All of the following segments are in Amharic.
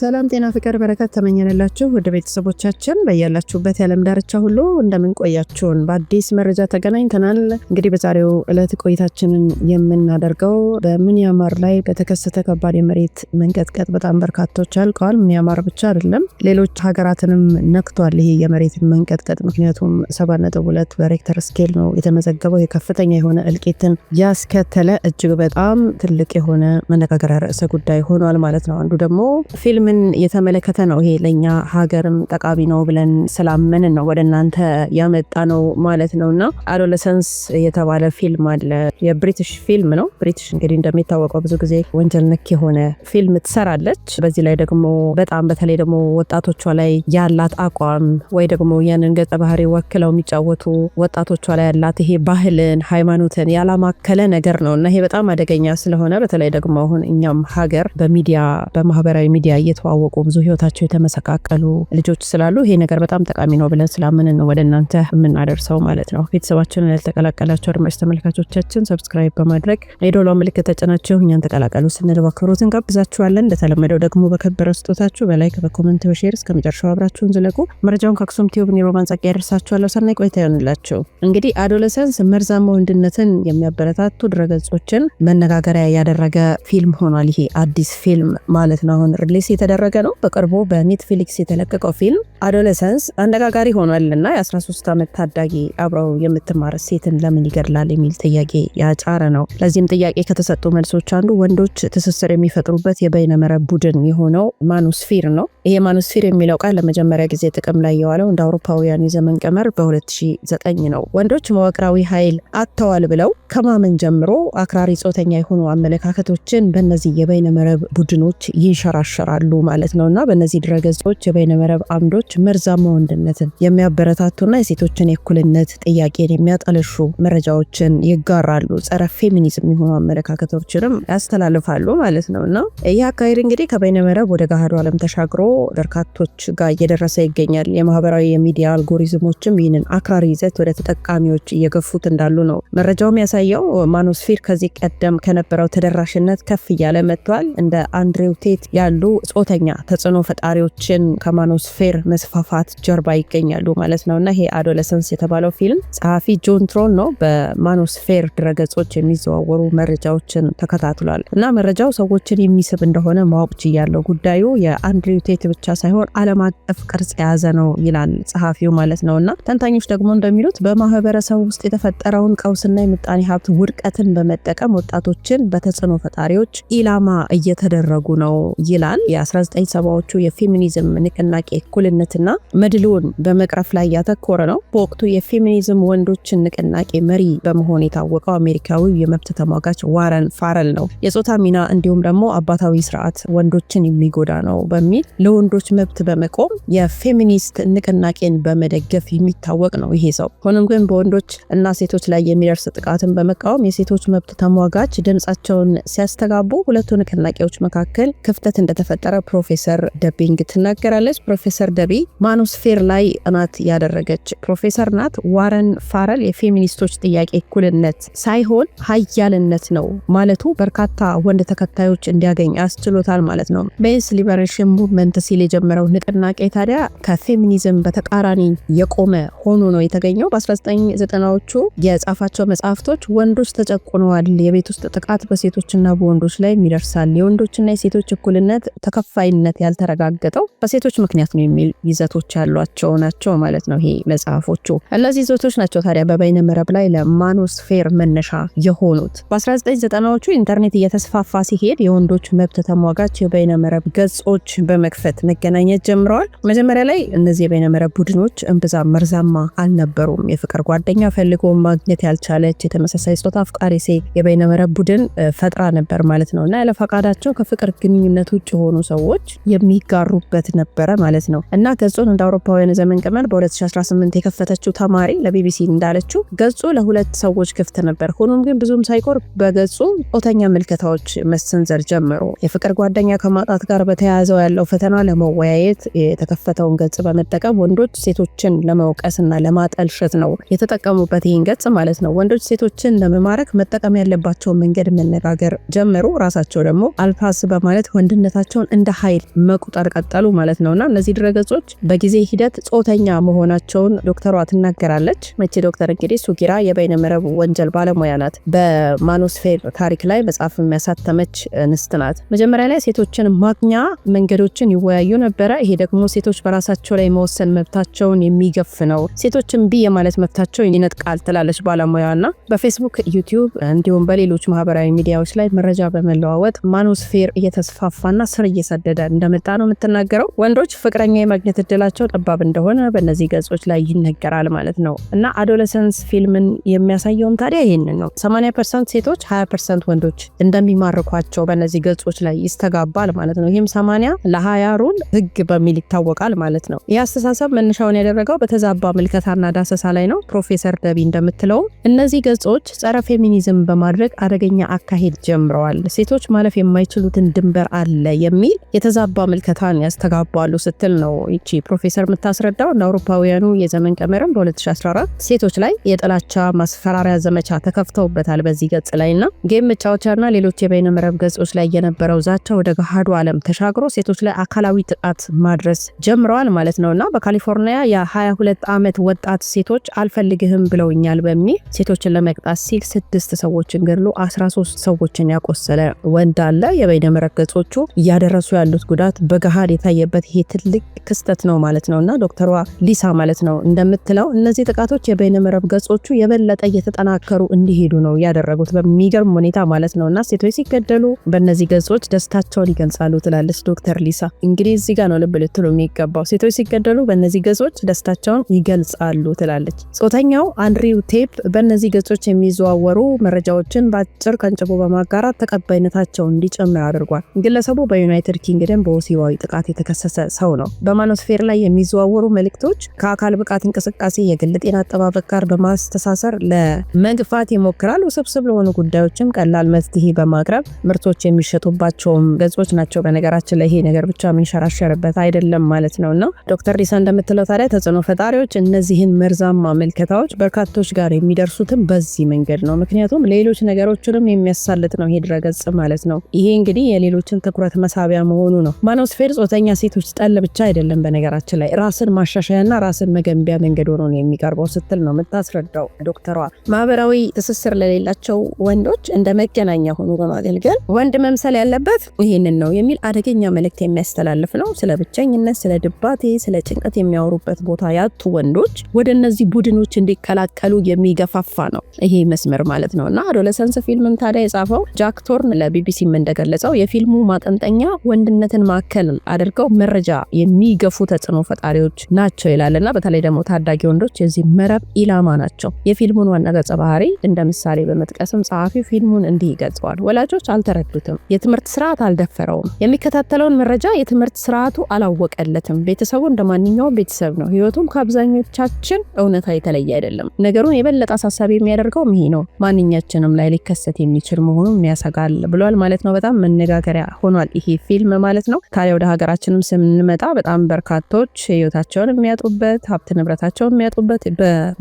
ሰላም ጤና ፍቅር በረከት ተመኘንላችሁ ውድ ቤተሰቦቻችን በያላችሁበት የዓለም ዳርቻ ሁሉ እንደምንቆያችሁን በአዲስ መረጃ ተገናኝተናል። እንግዲህ በዛሬው ዕለት ቆይታችንን የምናደርገው በምንያማር ላይ በተከሰተ ከባድ የመሬት መንቀጥቀጥ በጣም በርካቶች አልቀዋል። ምንያማር ብቻ አይደለም ሌሎች ሀገራትንም ነክቷል። ይሄ የመሬት መንቀጥቀጥ ምክንያቱም 7.2 በሬክተር ስኬል ነው የተመዘገበው። የከፍተኛ የሆነ እልቂትን ያስከተለ እጅግ በጣም ትልቅ የሆነ መነጋገሪያ ርዕሰ ጉዳይ ሆኗል ማለት ነው። አንዱ ደግሞ ፊልም ሰላምን የተመለከተ ነው። ይሄ ለእኛ ሀገርም ጠቃሚ ነው ብለን ስላመንን ነው ወደ እናንተ ያመጣ ነው ማለት ነው። እና አዶለሰንስ የተባለ ፊልም አለ። የብሪቲሽ ፊልም ነው። ብሪቲሽ እንግዲህ እንደሚታወቀው ብዙ ጊዜ ወንጀል ነክ የሆነ ፊልም ትሰራለች። በዚህ ላይ ደግሞ በጣም በተለይ ደግሞ ወጣቶቿ ላይ ያላት አቋም ወይ ደግሞ ያንን ገጸ ባህሪ ወክለው የሚጫወቱ ወጣቶቿ ላይ ያላት ይሄ ባህልን፣ ሃይማኖትን ያላማከለ ነገር ነው እና ይሄ በጣም አደገኛ ስለሆነ በተለይ ደግሞ አሁን እኛም ሀገር በሚዲያ በማህበራዊ ሚዲያ እየተ ያልተዋወቁ ብዙ ህይወታቸው የተመሰቃቀሉ ልጆች ስላሉ ይሄ ነገር በጣም ጠቃሚ ነው ብለን ስላምን ነው ወደ እናንተ የምናደርሰው ማለት ነው። ቤተሰባችንን ያልተቀላቀላቸው አድማጭ ተመልካቾቻችን ሰብስክራይብ በማድረግ የዶላር ምልክት ተጭናችሁ እኛን ተቀላቀሉ ስንል በአክብሮት እንጋብዛችኋለን። እንደተለመደው ደግሞ በከበረ ስጦታችሁ በላይክ በኮመንት በሼር እስከ መጨረሻው አብራችሁን ዝለቁ። መረጃውን ከአክሱም ቲዩብ እኔ ሮማን ጸጋዬ ያደርሳችኋለሁ። ሰናይ ቆይታ ይሆንላችሁ። እንግዲህ አዶለሰንስ መርዛማ ወንድነትን የሚያበረታቱ ድረገጾችን መነጋገሪያ ያደረገ ፊልም ሆኗል። ይሄ አዲስ ፊልም ማለት ነው አሁን ሪሊስ የተደ እየተደረገ ነው። በቅርቡ በኔትፍሊክስ የተለቀቀው ፊልም አዶለሰንስ አነጋጋሪ ሆኗል እና የ13 ዓመት ታዳጊ አብረው የምትማር ሴትን ለምን ይገድላል የሚል ጥያቄ ያጫረ ነው። ለዚህም ጥያቄ ከተሰጡ መልሶች አንዱ ወንዶች ትስስር የሚፈጥሩበት የበይነ መረብ ቡድን የሆነው ማኑስፊር ነው። ይሄ ማኑስፊር የሚለው ቃል ለመጀመሪያ ጊዜ ጥቅም ላይ የዋለው እንደ አውሮፓውያን የዘመን ቀመር በ2009 ነው። ወንዶች መዋቅራዊ ኃይል አጥተዋል ብለው ከማመን ጀምሮ አክራሪ ጾተኛ የሆኑ አመለካከቶችን በእነዚህ የበይነ መረብ ቡድኖች ይንሸራሸራሉ። አሉ ማለት ነው እና በእነዚህ ድረገጾች የበይነመረብ አምዶች መርዛማ ወንድነትን የሚያበረታቱና የሴቶችን የእኩልነት ጥያቄን የሚያጠለሹ መረጃዎችን ይጋራሉ። ጸረ ፌሚኒዝም የሆኑ አመለካከቶችንም ያስተላልፋሉ ማለት ነው እና ይህ አካሄድ እንግዲህ ከበይነመረብ ወደ ገሃዱ ዓለም ተሻግሮ በርካቶች ጋር እየደረሰ ይገኛል። የማህበራዊ የሚዲያ አልጎሪዝሞችም ይህንን አክራሪ ይዘት ወደ ተጠቃሚዎች እየገፉት እንዳሉ ነው መረጃው የሚያሳየው። ማኖስፌር ከዚህ ቀደም ከነበረው ተደራሽነት ከፍ እያለ መጥቷል። እንደ አንድሬው ቴት ያሉ ጾተኛ ተጽዕኖ ፈጣሪዎችን ከማኖስፌር መስፋፋት ጀርባ ይገኛሉ ማለት ነው እና ይሄ አዶለሰንስ የተባለው ፊልም ጸሐፊ ጆን ትሮን ነው። በማኖስፌር ድረገጾች የሚዘዋወሩ መረጃዎችን ተከታትሏል እና መረጃው ሰዎችን የሚስብ እንደሆነ ማወቅ ችያለው። ጉዳዩ የአንድሪው ቴት ብቻ ሳይሆን ዓለም አቀፍ ቅርጽ የያዘ ነው ይላል ጸሐፊው ማለት ነው እና ተንታኞች ደግሞ እንደሚሉት በማህበረሰብ ውስጥ የተፈጠረውን ቀውስና የምጣኔ ሀብት ውድቀትን በመጠቀም ወጣቶችን በተጽዕኖ ፈጣሪዎች ኢላማ እየተደረጉ ነው ይላል። በ1970ዎቹ የፌሚኒዝም ንቅናቄ እኩልነትና መድሎን በመቅረፍ ላይ ያተኮረ ነው። በወቅቱ የፌሚኒዝም ወንዶችን ንቅናቄ መሪ በመሆን የታወቀው አሜሪካዊው የመብት ተሟጋች ዋረን ፋረል ነው። የጾታ ሚና እንዲሁም ደግሞ አባታዊ ስርዓት ወንዶችን የሚጎዳ ነው በሚል ለወንዶች መብት በመቆም የፌሚኒስት ንቅናቄን በመደገፍ የሚታወቅ ነው ይሄ ሰው። ሆኖም ግን በወንዶች እና ሴቶች ላይ የሚደርስ ጥቃትን በመቃወም የሴቶች መብት ተሟጋች ድምፃቸውን ሲያስተጋቡ ሁለቱ ንቅናቄዎች መካከል ክፍተት እንደተፈጠረ ፕሮፌሰር ደቤንግ ትናገራለች። ፕሮፌሰር ደቢ ማኖስፌር ላይ ጥናት ያደረገች ፕሮፌሰር ናት። ዋረን ፋረል የፌሚኒስቶች ጥያቄ እኩልነት ሳይሆን ሀያልነት ነው ማለቱ በርካታ ወንድ ተከታዮች እንዲያገኝ አስችሎታል ማለት ነው። ሜንስ ሊበሬሽን ሙቭመንት ሲል የጀመረው ንቅናቄ ታዲያ ከፌሚኒዝም በተቃራኒ የቆመ ሆኖ ነው የተገኘው። በ1990ዎቹ የጻፋቸው መጽሐፍቶች ወንዶች ተጨቁነዋል፣ የቤት ውስጥ ጥቃት በሴቶችና በወንዶች ላይ ይደርሳል፣ የወንዶችና የሴቶች እኩልነት ተከፍ ተከፋይነት ያልተረጋገጠው በሴቶች ምክንያት ነው የሚል ይዘቶች ያሏቸው ናቸው ማለት ነው። ይሄ መጽሐፎቹ እነዚህ ይዘቶች ናቸው ታዲያ በበይነ መረብ ላይ ለማኖስፌር መነሻ የሆኑት። በ1990ዎቹ ኢንተርኔት እየተስፋፋ ሲሄድ የወንዶች መብት ተሟጋች የበይነ መረብ ገጾች በመክፈት መገናኘት ጀምረዋል። መጀመሪያ ላይ እነዚህ የበይነ መረብ ቡድኖች እንብዛ መርዛማ አልነበሩም። የፍቅር ጓደኛ ፈልጎ ማግኘት ያልቻለች የተመሳሳይ ጾታ አፍቃሪ ሴ የበይነ መረብ ቡድን ፈጥራ ነበር ማለት ነው እና ያለፈቃዳቸው ከፍቅር ግንኙነት ውጭ የሆኑ ሰው ሰዎች የሚጋሩበት ነበረ ማለት ነው እና ገጹን እንደ አውሮፓውያን ዘመን ቀመር በ2018 የከፈተችው ተማሪ ለቢቢሲ እንዳለችው ገጹ ለሁለት ሰዎች ክፍት ነበር። ሆኖም ግን ብዙም ሳይቆር በገጹ ጾተኛ ምልከታዎች መሰንዘር ጀምሮ የፍቅር ጓደኛ ከማጣት ጋር በተያያዘው ያለው ፈተና ለመወያየት የተከፈተውን ገጽ በመጠቀም ወንዶች ሴቶችን ለመውቀስና ለማጠልሸት ነው የተጠቀሙበት ይህን ገጽ ማለት ነው። ወንዶች ሴቶችን ለመማረክ መጠቀም ያለባቸውን መንገድ መነጋገር ጀመሩ። ራሳቸው ደግሞ አልፋስ በማለት ወንድነታቸውን እንደ እንደ ኃይል መቁጠር ቀጠሉ ማለት ነውና እነዚህ ድረገጾች በጊዜ ሂደት ጾተኛ መሆናቸውን ዶክተሯ ትናገራለች። መቼ ዶክተር እንግዲህ ሱጊራ የበይነ ወንጀል ባለሙያ ናት። በማኖስፌር ታሪክ ላይ መጽሐፍ የሚያሳተመች እንስት ናት። መጀመሪያ ላይ ሴቶችን ማግኛ መንገዶችን ይወያዩ ነበረ። ይሄ ደግሞ ሴቶች በራሳቸው ላይ መወሰን መብታቸውን የሚገፍ ነው፣ ሴቶችን ቢ የማለት መብታቸው ይነጥቃል ትላለች ባለሙያና በፌስቡክ ዩቲዩብ፣ እንዲሁም በሌሎች ማህበራዊ ሚዲያዎች ላይ መረጃ በመለዋወጥ ማኖስፌር እየተስፋፋና ስር እየሰ እየተገባደደ እንደመጣ ነው የምትናገረው። ወንዶች ፍቅረኛ የማግኘት እድላቸው ጠባብ እንደሆነ በእነዚህ ገጾች ላይ ይነገራል ማለት ነው እና አዶለሰንስ ፊልምን የሚያሳየውም ታዲያ ይህንን ነው። 80 ፐርሰንት ሴቶች 20 ፐርሰንት ወንዶች እንደሚማርኳቸው በእነዚህ ገጾች ላይ ይስተጋባል ማለት ነው። ይህም 80 ለ20 ሩል ህግ በሚል ይታወቃል ማለት ነው። ይህ አስተሳሰብ መነሻውን ያደረገው በተዛባ ምልከታና ዳሰሳ ላይ ነው። ፕሮፌሰር ደቢ እንደምትለው እነዚህ ገጾች ጸረ ፌሚኒዝም በማድረግ አደገኛ አካሄድ ጀምረዋል። ሴቶች ማለፍ የማይችሉትን ድንበር አለ የሚል የተዛባ ምልከታን ያስተጋባሉ ስትል ነው ይቺ ፕሮፌሰር የምታስረዳው። እንደ አውሮፓውያኑ የዘመን ቀመርም በ2014 ሴቶች ላይ የጥላቻ ማስፈራሪያ ዘመቻ ተከፍተውበታል በዚህ ገጽ ላይ ና ጌም መጫወቻና ሌሎች የበይነ መረብ ገጾች ላይ የነበረው ዛቻ ወደ ገሃዱ ዓለም ተሻግሮ ሴቶች ላይ አካላዊ ጥቃት ማድረስ ጀምረዋል ማለት ነው እና በካሊፎርኒያ የ22 ዓመት ወጣት ሴቶች አልፈልግህም ብለውኛል በሚል ሴቶችን ለመቅጣት ሲል ስድስት ሰዎችን ገድሎ 13 ሰዎችን ያቆሰለ ወንድ አለ። የበይነ መረብ ገጾቹ እያደረሱ ያሉት ጉዳት በገሃድ የታየበት ይሄ ትልቅ ክስተት ነው ማለት ነው እና ዶክተሯ ሊሳ ማለት ነው እንደምትለው እነዚህ ጥቃቶች የበይነመረብ ገጾቹ የበለጠ እየተጠናከሩ እንዲሄዱ ነው ያደረጉት በሚገርም ሁኔታ ማለት ነው እና ሴቶች ሲገደሉ በእነዚህ ገጾች ደስታቸውን ይገልጻሉ ትላለች ዶክተር ሊሳ። እንግዲህ እዚህ ጋር ነው ልብ ልትሉ የሚገባው ሴቶች ሲገደሉ በእነዚህ ገጾች ደስታቸውን ይገልጻሉ ትላለች። ጾተኛው አንድሪው ቴፕ በእነዚህ ገጾች የሚዘዋወሩ መረጃዎችን በአጭር ቀንጭቦ በማጋራት ተቀባይነታቸው እንዲጨምር አድርጓል። ግለሰቡ በዩናይትድ ኪንግ ደን በወሲባዊ ጥቃት የተከሰሰ ሰው ነው። በማኖስፌር ላይ የሚዘዋወሩ መልእክቶች ከአካል ብቃት እንቅስቃሴ፣ የግል ጤና አጠባበቅ ጋር በማስተሳሰር ለመግፋት ይሞክራል። ውስብስብ ለሆኑ ጉዳዮችም ቀላል መፍትሄ በማቅረብ ምርቶች የሚሸጡባቸውም ገጾች ናቸው። በነገራችን ላይ ይሄ ነገር ብቻ የምንሸራሸርበት አይደለም ማለት ነው እና ዶክተር ዲሳ እንደምትለው ታዲያ ተጽዕኖ ፈጣሪዎች እነዚህን መርዛማ ምልከታዎች በርካቶች ጋር የሚደርሱትም በዚህ መንገድ ነው። ምክንያቱም ሌሎች ነገሮችንም የሚያሳልጥ ነው ይሄ ድረገጽ ማለት ነው። ይሄ እንግዲህ የሌሎችን ትኩረት መሳቢያ መሆኑ ነው። ማኖስፌር ጾተኛ ሴቶች ጠል ብቻ አይደለም። በነገራችን ላይ ራስን ማሻሻያና ራስን መገንቢያ መንገድ ሆኖ ነው የሚቀርበው ስትል ነው የምታስረዳው ዶክተሯ። ማህበራዊ ትስስር ለሌላቸው ወንዶች እንደ መገናኛ ሆኖ በማገልገል ወንድ መምሰል ያለበት ይህንን ነው የሚል አደገኛ መልእክት የሚያስተላልፍ ነው። ስለ ብቸኝነት፣ ስለ ድባቴ፣ ስለ ጭንቀት የሚያወሩበት ቦታ ያጡ ወንዶች ወደ እነዚህ ቡድኖች እንዲከላከሉ የሚገፋፋ ነው ይሄ መስመር ማለት ነው እና አዶለሰንስ ፊልምም ታዲያ የጻፈው ጃክ ቶርን ለቢቢሲም እንደገለጸው የፊልሙ ማጠንጠኛ አንድነትን ማዕከል አድርገው መረጃ የሚገፉ ተጽዕኖ ፈጣሪዎች ናቸው ይላልና በተለይ ደግሞ ታዳጊ ወንዶች የዚህ መረብ ኢላማ ናቸው። የፊልሙን ዋና ገጸ ባህሪ እንደ ምሳሌ በመጥቀስም ጸሐፊው ፊልሙን እንዲህ ይገልጸዋል። ወላጆች አልተረዱትም፣ የትምህርት ስርዓት አልደፈረውም፣ የሚከታተለውን መረጃ የትምህርት ስርዓቱ አላወቀለትም። ቤተሰቡ እንደ ማንኛውም ቤተሰብ ነው። ህይወቱም ከአብዛኞቻችን እውነታ የተለየ አይደለም። ነገሩን የበለጠ አሳሳቢ የሚያደርገው ይሄ ነው፣ ማንኛችንም ላይ ሊከሰት የሚችል መሆኑን ያሰጋል ብሏል ማለት ነው። በጣም መነጋገሪያ ሆኗል ይሄ ፊልም ማለት ነው። ታዲያ ወደ ሀገራችንም ስንመጣ በጣም በርካቶች ህይወታቸውን የሚያጡበት ሀብት ንብረታቸውን የሚያጡበት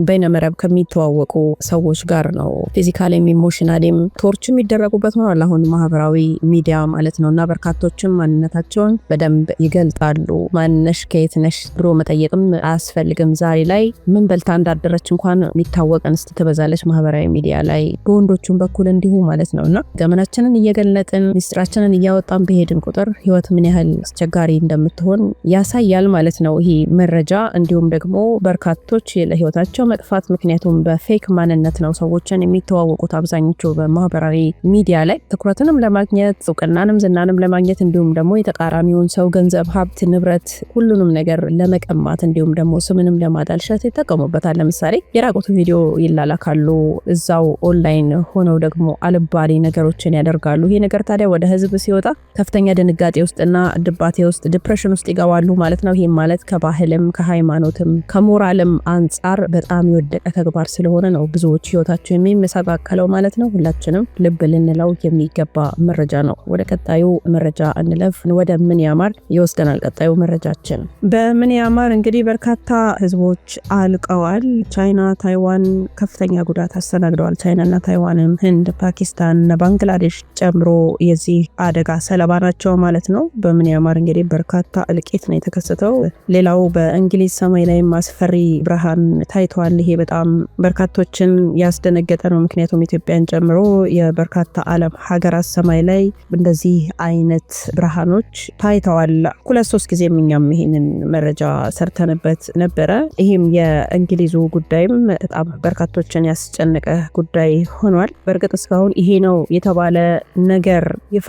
በይነመረብ ከሚተዋወቁ ሰዎች ጋር ነው። ፊዚካሊም ኢሞሽናሊም ቶርች የሚደረጉበት ሆኗል። አሁን ማህበራዊ ሚዲያ ማለት ነው እና በርካቶችም ማንነታቸውን በደንብ ይገልጣሉ። ማንነሽ ከየት ነሽ ብሎ መጠየቅም አያስፈልግም። ዛሬ ላይ ምን በልታ እንዳደረች እንኳን የሚታወቅ እንስት ትበዛለች ማህበራዊ ሚዲያ ላይ በወንዶቹም በኩል እንዲሁ ማለት ነው እና ገመናችንን እየገለጥን ሚስጥራችንን እያወጣን በሄድን ቁጥር ህይወት ምን ያህል አስቸጋሪ እንደምትሆን ያሳያል ማለት ነው ይህ መረጃ። እንዲሁም ደግሞ በርካቶች ለህይወታቸው መጥፋት ምክንያቱም በፌክ ማንነት ነው ሰዎችን የሚተዋወቁት አብዛኞቹ በማህበራዊ ሚዲያ ላይ ትኩረትንም ለማግኘት እውቅናንም ዝናንም ለማግኘት እንዲሁም ደግሞ የተቃራሚውን ሰው ገንዘብ፣ ሀብት፣ ንብረት ሁሉንም ነገር ለመቀማት እንዲሁም ደግሞ ስምንም ለማዳልሸት ይጠቀሙበታል። ለምሳሌ የራቁት ቪዲዮ ይላላካሉ። እዛው ኦንላይን ሆነው ደግሞ አልባሌ ነገሮችን ያደርጋሉ። ይህ ነገር ታዲያ ወደ ህዝብ ሲወጣ ከፍተኛ ድንጋ ድንጋጤ ውስጥና ድባቴ ውስጥ ዲፕሬሽን ውስጥ ይገባሉ ማለት ነው። ይህም ማለት ከባህልም ከሃይማኖትም ከሞራልም አንጻር በጣም የወደቀ ተግባር ስለሆነ ነው ብዙዎች ህይወታቸው የሚመሰቃቀለው ማለት ነው። ሁላችንም ልብ ልንለው የሚገባ መረጃ ነው። ወደ ቀጣዩ መረጃ እንለፍ። ወደ ምንያማር ይወስደናል ቀጣዩ መረጃችን። በምንያማር እንግዲህ በርካታ ህዝቦች አልቀዋል። ቻይና፣ ታይዋን ከፍተኛ ጉዳት አስተናግደዋል። ቻይናና ታይዋንም ህንድ፣ ፓኪስታን፣ ባንግላዴሽ ጨምሮ የዚህ አደጋ ሰለባ ናቸው። ማለት ነው። በምን ያማር እንግዲህ በርካታ እልቂት ነው የተከሰተው። ሌላው በእንግሊዝ ሰማይ ላይም አስፈሪ ብርሃን ታይተዋል። ይሄ በጣም በርካቶችን ያስደነገጠ ነው። ምክንያቱም ኢትዮጵያን ጨምሮ የበርካታ ዓለም ሀገራት ሰማይ ላይ እንደዚህ አይነት ብርሃኖች ታይተዋል። ሁለት ሶስት ጊዜ እኛም ይህንን መረጃ ሰርተንበት ነበረ። ይህም የእንግሊዙ ጉዳይም በጣም በርካቶችን ያስጨነቀ ጉዳይ ሆኗል። በእርግጥ እስካሁን ይሄ ነው የተባለ ነገር ይፋ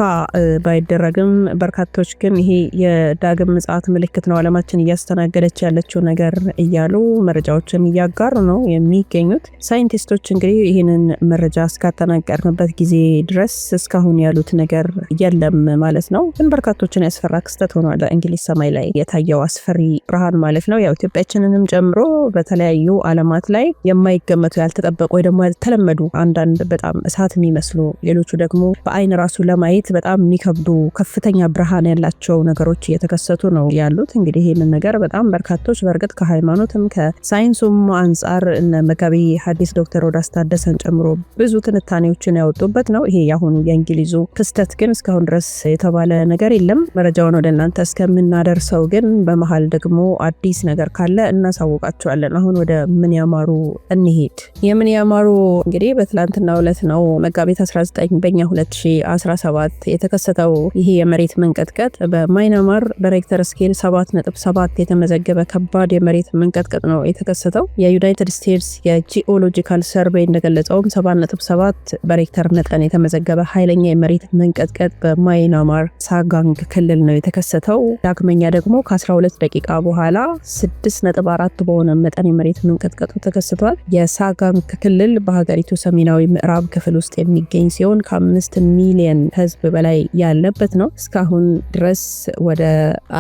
ባይደረግም በርካቶች ግን ይሄ የዳግም ምጽአት ምልክት ነው አለማችን እያስተናገደች ያለችው ነገር እያሉ መረጃዎችን እያጋሩ ነው የሚገኙት። ሳይንቲስቶች እንግዲህ ይህንን መረጃ እስካጠናቀርንበት ጊዜ ድረስ እስካሁን ያሉት ነገር የለም ማለት ነው። ግን በርካቶችን ያስፈራ ክስተት ሆኗል። እንግሊዝ ሰማይ ላይ የታየው አስፈሪ ብርሃን ማለት ነው። ያው ኢትዮጵያችንንም ጨምሮ በተለያዩ አለማት ላይ የማይገመቱ ያልተጠበቁ ወይ ደግሞ ያልተለመዱ አንዳንድ በጣም እሳት የሚመስሉ ሌሎቹ ደግሞ በአይን ራሱ ለማየት በጣም የሚከብዱ ከፍተኛ ብርሃን ያላቸው ነገሮች እየተከሰቱ ነው ያሉት። እንግዲህ ይህንን ነገር በጣም በርካቶች በእርግጥ ከሃይማኖትም ከሳይንሱም አንጻር እነ መጋቢ ሐዲስ ዶክተር ወዳስ ታደሰን ጨምሮ ብዙ ትንታኔዎችን ያወጡበት ነው። ይሄ የአሁኑ የእንግሊዙ ክስተት ግን እስካሁን ድረስ የተባለ ነገር የለም። መረጃውን ወደ እናንተ እስከምናደርሰው ግን በመሀል ደግሞ አዲስ ነገር ካለ እናሳውቃቸዋለን። አሁን ወደ ምን ያማሩ እንሄድ። የምን ያማሩ እንግዲህ በትላንትና ዕለት ነው መጋቢት 19 በኛ 2017 የተከሰተው ይሄ የመሬት የመሬት መንቀጥቀጥ በማይናማር በሬክተር ስኬል 7.7 የተመዘገበ ከባድ የመሬት መንቀጥቀጥ ነው የተከሰተው። የዩናይትድ ስቴትስ የጂኦሎጂካል ሰርቬይ እንደገለጸውም 7.7 በሬክተር መጠን የተመዘገበ ኃይለኛ የመሬት መንቀጥቀጥ በማይናማር ሳጋንግ ክልል ነው የተከሰተው። ዳግመኛ ደግሞ ከ12 ደቂቃ በኋላ 6.4 በሆነ መጠን የመሬት መንቀጥቀጡ ተከስቷል። የሳጋንግ ክልል በሀገሪቱ ሰሜናዊ ምዕራብ ክፍል ውስጥ የሚገኝ ሲሆን ከአምስት ሚሊየን ህዝብ በላይ ያለበት ነው። እስከ እስካሁን ድረስ ወደ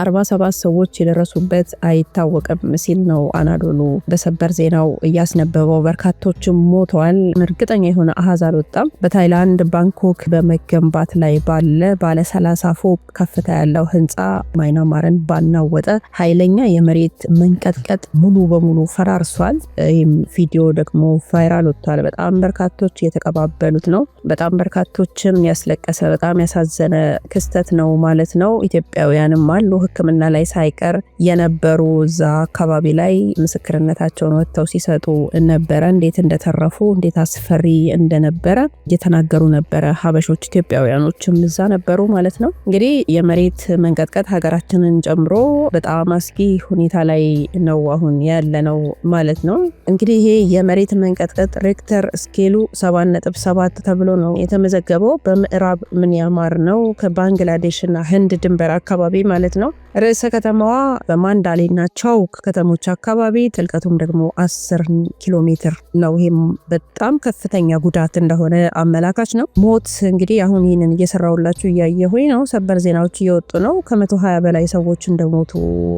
47 ሰዎች የደረሱበት አይታወቅም ሲል ነው አናዶሉ በሰበር ዜናው እያስነበበው። በርካቶችም ሞተዋል። እርግጠኛ የሆነ አሃዝ አልወጣም። በታይላንድ ባንኮክ በመገንባት ላይ ባለ ባለ 30 ፎቅ ከፍታ ያለው ህንፃ ማይናማርን ባናወጠ ኃይለኛ የመሬት መንቀጥቀጥ ሙሉ በሙሉ ፈራርሷል። ይህም ቪዲዮ ደግሞ ቫይራል ወጥቷል። በጣም በርካቶች የተቀባበሉት ነው። በጣም በርካቶችም ያስለቀሰ በጣም ያሳዘነ ክስተት ነው ማለት ነው። ኢትዮጵያውያንም አሉ ሕክምና ላይ ሳይቀር የነበሩ እዛ አካባቢ ላይ ምስክርነታቸውን ወጥተው ሲሰጡ ነበረ። እንዴት እንደተረፉ እንዴት አስፈሪ እንደነበረ እየተናገሩ ነበረ። ሀበሾች ኢትዮጵያውያኖችም እዛ ነበሩ ማለት ነው። እንግዲህ የመሬት መንቀጥቀጥ ሀገራችንን ጨምሮ በጣም አስጊ ሁኔታ ላይ ነው አሁን ያለ ነው ማለት ነው። እንግዲህ ይሄ የመሬት መንቀጥቀጥ ሬክተር ስኬሉ 7.7 ተብሎ ነው የተመዘገበው። በምዕራብ ምንያማር ነው ከባንግላዴሽ እና ህንድ ድንበር አካባቢ ማለት ነው። ርዕሰ ከተማዋ በማንዳሌና ቻውክ ከተሞች አካባቢ ጥልቀቱም ደግሞ 10 ኪሎ ሜትር ነው። ይሄም በጣም ከፍተኛ ጉዳት እንደሆነ አመላካች ነው። ሞት እንግዲህ አሁን ይህንን እየሰራሁላችሁ እያየሁኝ ነው። ሰበር ዜናዎች እየወጡ ነው። ከ120 በላይ ሰዎች እንደሞቱ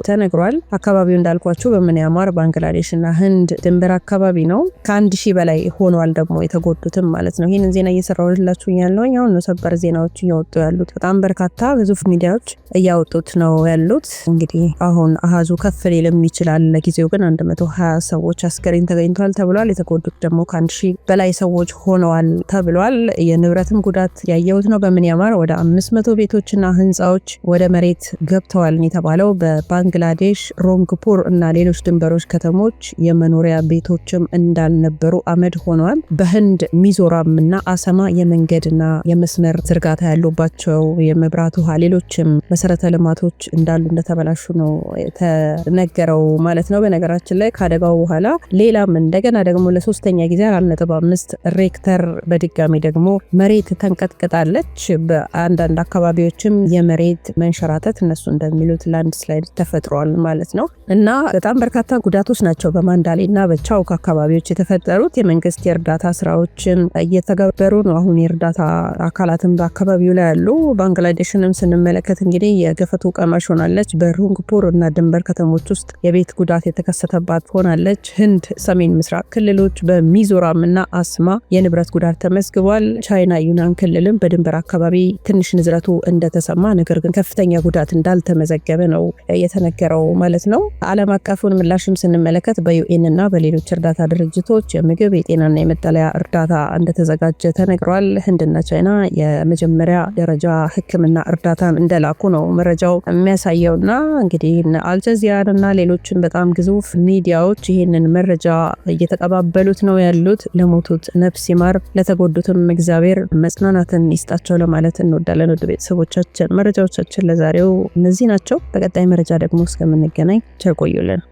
ተነግሯል። አካባቢው እንዳልኳችሁ በምንያማር ባንግላዴሽና ህንድ ድንበር አካባቢ ነው። ከአንድ ሺህ በላይ ሆኗል ደግሞ የተጎዱትም ማለት ነው። ይህንን ዜና እየሰራሁላችሁ ያለውኝ አሁን ነው። ሰበር ዜናዎች እየወጡ ያሉት በጣም በርካታ ግዙፍ ሚዲያዎች እያወጡት ነው ያሉት። እንግዲህ አሁን አሃዙ ከፍ ሊልም ይችላል። ለጊዜው ግን 120 ሰዎች አስከሬን ተገኝቷል ተብሏል። የተጎዱት ደግሞ ከአንድ ሺህ በላይ ሰዎች ሆነዋል ተብሏል። የንብረትም ጉዳት ያየሁት ነው። በምንያማር ወደ 500 ቤቶችና ህንፃዎች ወደ መሬት ገብተዋል የተባለው በባንግላዴሽ ሮንግፑር እና ሌሎች ድንበሮች ከተሞች የመኖሪያ ቤቶችም እንዳልነበሩ አመድ ሆኗል። በህንድ ሚዞራም እና አሰማ የመንገድና የመስመር ዝርጋታ ያሉባቸው የመብራቱ ውሃ፣ ሌሎችም መሰረተ ልማቶች እንዳሉ እንደተበላሹ ነው የተነገረው ማለት ነው። በነገራችን ላይ ከአደጋው በኋላ ሌላም እንደገና ደግሞ ለሶስተኛ ጊዜ አራት ነጥብ አምስት ሬክተር በድጋሚ ደግሞ መሬት ተንቀጥቅጣለች። በአንዳንድ አካባቢዎችም የመሬት መንሸራተት እነሱ እንደሚሉት ላንድ ስላይድ ተፈጥሯል ማለት ነው እና በጣም በርካታ ጉዳቶች ናቸው በማንዳሌ እና በቻውክ አካባቢዎች የተፈጠሩት። የመንግስት የእርዳታ ስራዎችን እየተገበሩ ነው። አሁን የእርዳታ አካላትም በአካባቢው ላይ ያሉ ባንግላዴሽን ይህንንም ስንመለከት እንግዲህ የገፈቱ ቀማሽ ሆናለች። በሩንግፑር እና ድንበር ከተሞች ውስጥ የቤት ጉዳት የተከሰተባት ሆናለች። ህንድ ሰሜን ምስራቅ ክልሎች በሚዞራም እና አስማ የንብረት ጉዳት ተመዝግቧል። ቻይና ዩናን ክልልም በድንበር አካባቢ ትንሽ ንዝረቱ እንደተሰማ ነገር ግን ከፍተኛ ጉዳት እንዳልተመዘገበ ነው የተነገረው ማለት ነው። ዓለም አቀፉን ምላሽም ስንመለከት በዩኤን እና በሌሎች እርዳታ ድርጅቶች የምግብ የጤናና የመጠለያ እርዳታ እንደተዘጋጀ ተነግሯል። ህንድና ቻይና የመጀመሪያ ደረጃ ህክምና እርዳታ እንደላኩ ነው መረጃው የሚያሳየው። እና እንግዲህ አልጀዚራን እና ሌሎችን በጣም ግዙፍ ሚዲያዎች ይህንን መረጃ እየተቀባበሉት ነው ያሉት። ለሞቱት ነፍስ ይማር፣ ለተጎዱትም እግዚአብሔር መጽናናትን ይስጣቸው ለማለት እንወዳለን። ወደ ቤተሰቦቻችን መረጃዎቻችን ለዛሬው እነዚህ ናቸው። በቀጣይ መረጃ ደግሞ እስከምንገናኝ ቸር ቆዩልን።